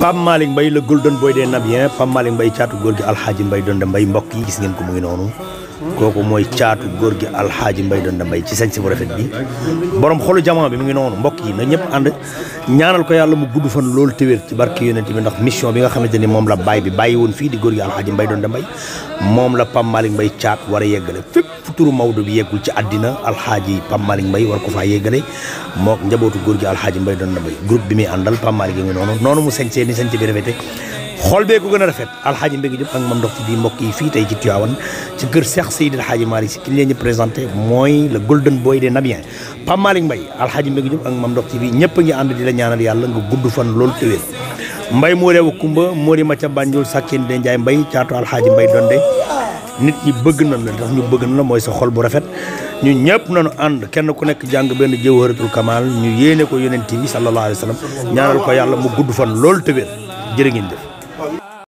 Pape Malick mbay la Golden Boy des Nabiens Pape Malick Mbaye caatu góor gi alxaaji Mbaye doon de Mbaye mbokk yi gis ngeen ko mu ngi noonu kooku mooy caatu góor gi alxaaji mbay doon da mbay ci sañse bu rafet bi borom xolu jamono bi mu ngi noonu mbokk yi nag ñëpp ànd ñaanal ko yàlla mu gudd fan loolu téwér ci barke yonent bi ndax mission bi nga xamante ni moom la bàyyi bi bàyyi woon fii di góor gi alxaaji mbay doon da mbay moom la Pam Mbay caat war a yeggale fépp fu turu Maodo bi yeggul ci àddina alxaaji Pam Malick Mbay war ko faa yeggale mook njabootu góor gi alxaaji mbay doon da mbay groupe bi muy àndal Pam Malick yi mu sañse ni sañse bi rafete xol bee ko gën a rafet alxaaji Mbégi Jóob ak mam ndox ci biir mbokk yi fii tey ci Tiwaawan ci kër Cheikh Seydil Hadji Malick Sy ki ñu leen di présenté mooy le golden boy des Nabiens Pape Malick Mbaye alxaaji Mbégi Jóob ak mam ndox ci biir ñëpp ngi ànd di la ñaanal yàlla nga gudd fan loolu téwéer mbay moo reew kumba moori maca banjul sàkkeen de njaay mbay caatu alxaaji mbay donde nit ñi bëgg nañ la tax ñu bëgg nañ mooy sa xol bu rafet ñu ñëpp nañu ànd kenn ku nekk jàng benn jëwharatul kamal ñu yéene ko yonent bi sallallahu alayhi wa sallam ñaanal ko yàlla mu gudd fan loolu téwéer jërë ngeen jëf